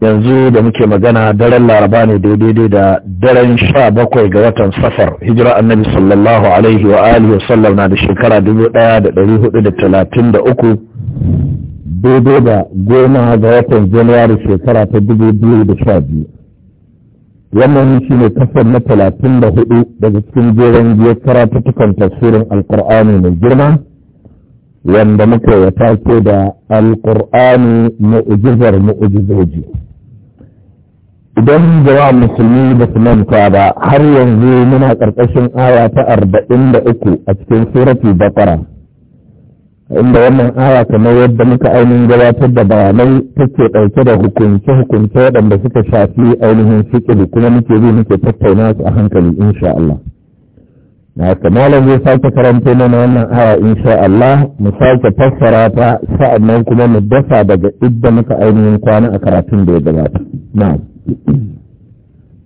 yanzu da muke magana daren laraba ne daidai da daren sha bakwai ga watan safar hijira annabi sallallahu alaihi wa alihi wa sallam na da shekara dubu daya da dari hudu da talatin da uku daidai da goma ga watan januari shekara ta dubu biyu da sha biyu wannan shi ne kasar na talatin da hudu daga cikin jeren biyar karatuttukan tafsirin alkur'ani mai girma wanda muka wata ke da alkur'ani mu'ujizar mu'ujizoji idan jama'a musulmi ba su manta ba har yanzu muna ƙarƙashin aya ta arba'in da uku a cikin suratu bakara inda wannan aya kamar yadda muka ainihin gabatar da bayanai take ɗauke da hukunce-hukunce waɗanda suka shafi ainihin sikili kuma muke bi muke tattauna su a hankali insha Allah. Na malam zai sake karanta mana wannan aya insha Allah mu sake fassara ta sa'annan kuma mu dasa daga idda muka ainihin kwana a karatun da ya gabata. Na'am.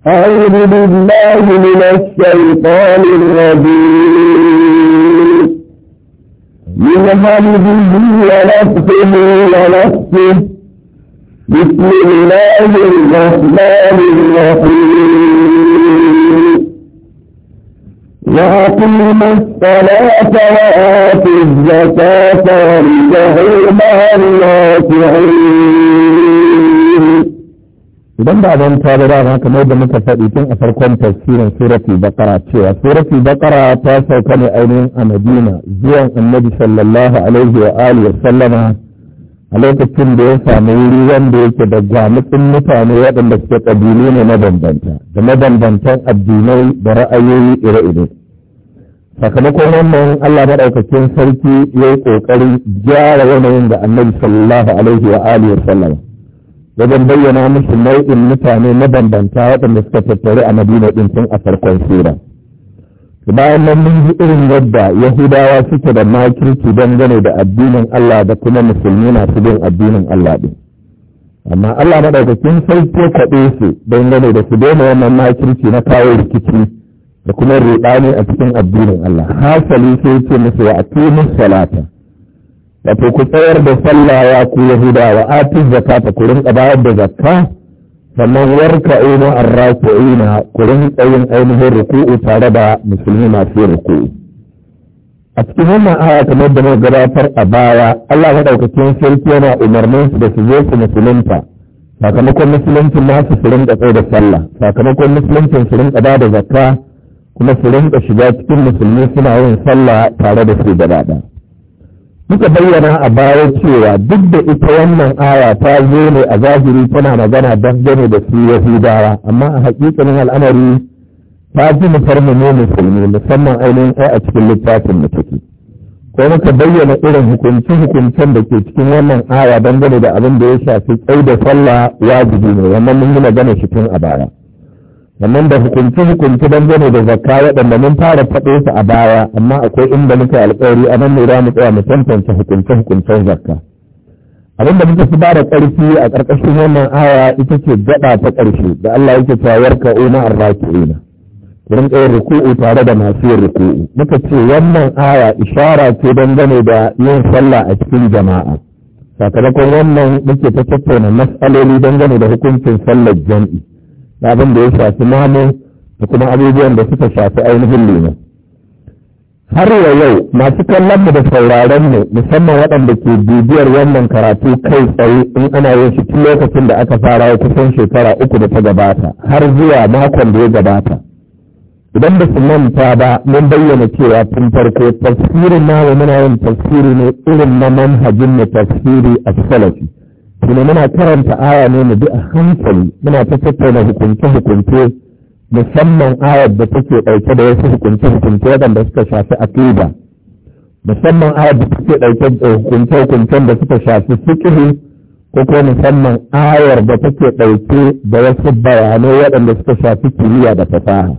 أعوذ بالله من الشيطان الرجيم من همزه ونفسه ونفسه بسم الله الرحمن الرحيم وأقيموا الصلاة وآتي الزكاة ورجعوا مع الناصحين idan ba zan ta ba dama kamar da muka faɗi tun a farkon tafsirin suratul bakara cewa suratul bakara ta sauka ne ainihin a Madina zuwan Annabi sallallahu alaihi wa alihi sallama a lokacin da ya sami wuri wanda yake da gwamutsin mutane waɗanda suke ƙabilu ne mabambanta da mabambantan addinai da ra'ayoyi ire-ire sakamakon wannan Allah maɗaukakin sarki ya yi ƙoƙarin gyara yanayin da annabi sallallahu alaihi wa alihi sallama wajen bayyana musu nau'in mutane mabambanta waɗanda suka tattare a madina ɗin tun a farkon sura bayan nan mun ji irin yadda yahudawa suke da makirki dangane da addinin allah da kuma musulmi masu bin addinin allah ɗin amma allah maɗaukakin sarki kwaɗe su dangane da su daina wannan makirci na kawo rikici da kuma ruɗani a cikin addinin allah hasali sai ce musu wa a salata wato ku tsayar da sallah ya ku yahudawa atiz zakata ku rinka bayar da zakka sannan warka ina arraku'ina ku rinka yin ainihin ruku'u tare da musulmi masu ruku'u a cikin wannan aya kamar da muka gabatar a baya Allah madaukakin sarki yana umarnin su da su zo su musulunta sakamakon musuluncin nasu su rinka tsaye da sallah sakamakon musuluncin su rinka da zakka kuma su rinka shiga cikin musulmi suna yin sallah tare da su gaba ɗaya muka bayyana a baya cewa duk da ita wannan aya ta zo ne a zahiri tana magana dangane da su yahudawa amma a hakikanin al'amari ta ji mu ne musulmi musamman ainihin ai a cikin littafin mu take ko muka bayyana irin hukunci hukuncen da ke cikin wannan aya dangane da abin da ya shafi tsaye da sallah wajibi ne wannan mun yi magana shi tun a baya sannan da hukunci hukunci dangane da zakka waɗanda mun fara faɗo su a baya amma akwai inda muka alƙawari a nan ne za mu tsaya mu tantance hukunce hukuncen zakka abin da muka fi ba da ƙarfi a ƙarƙashin wannan aya ita ce gaba ta ƙarshe da Allah yake cewa yarka una arraki'ina wurin ɗaya ruku'u tare da masu yin ruku'u muka ce wannan aya ishara ce dangane da yin sallah a cikin jama'a sakamakon wannan muke ta tattauna mas'aloli dangane da hukuncin sallar jam'i na abin da ya shafi mamu da kuma abubuwan da suka shafi ainihin lima. har yau yau masu kallon mu da sauraron mu musamman waɗanda ke bibiyar wannan karatu kai tsaye in ana yin shi tun lokacin da aka fara kusan shekara uku da ta gabata har zuwa makon da ya gabata idan ba su manta ba mun bayyana cewa tun farko tafsirin namu muna yin tafsiri ne irin na manhajin na tafsiri a salafi kuma muna karanta aya ne mu bi a hankali muna ta tattauna hukunce-hukunce musamman ayar da take ɗauke da wasu hukunce-hukunce waɗanda suka shafi aƙida musamman ayar da take ɗauke da hukunce-hukuncen da suka shafi fikihu ko kuma musamman ayar da take ɗauke da wasu bayanai waɗanda suka shafi kimiyya da fasaha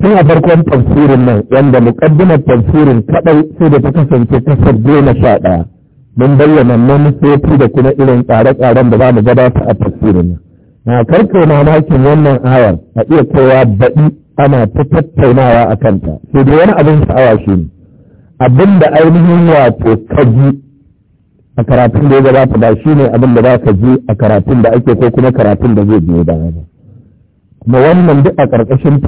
tun a farkon tafsirin nan wanda muƙaddimar tafsirin kaɗai sai da ta kasance kasar goma sha ɗaya mun bayyana manufofi da kuma irin tsare-tsaren da za mu gabata a tafsirin na karko mamakin wannan ayar a iya kowa baɗi ana ta tattaunawa a kanta sai dai wani abin sha'awa shi ne abin da ainihin wato kaji a karatun da ya gabata ba shi ne abin da ka ji a karatun da ake ko kuma karatun da zai biyo baya ba kuma wannan duk a ƙarƙashin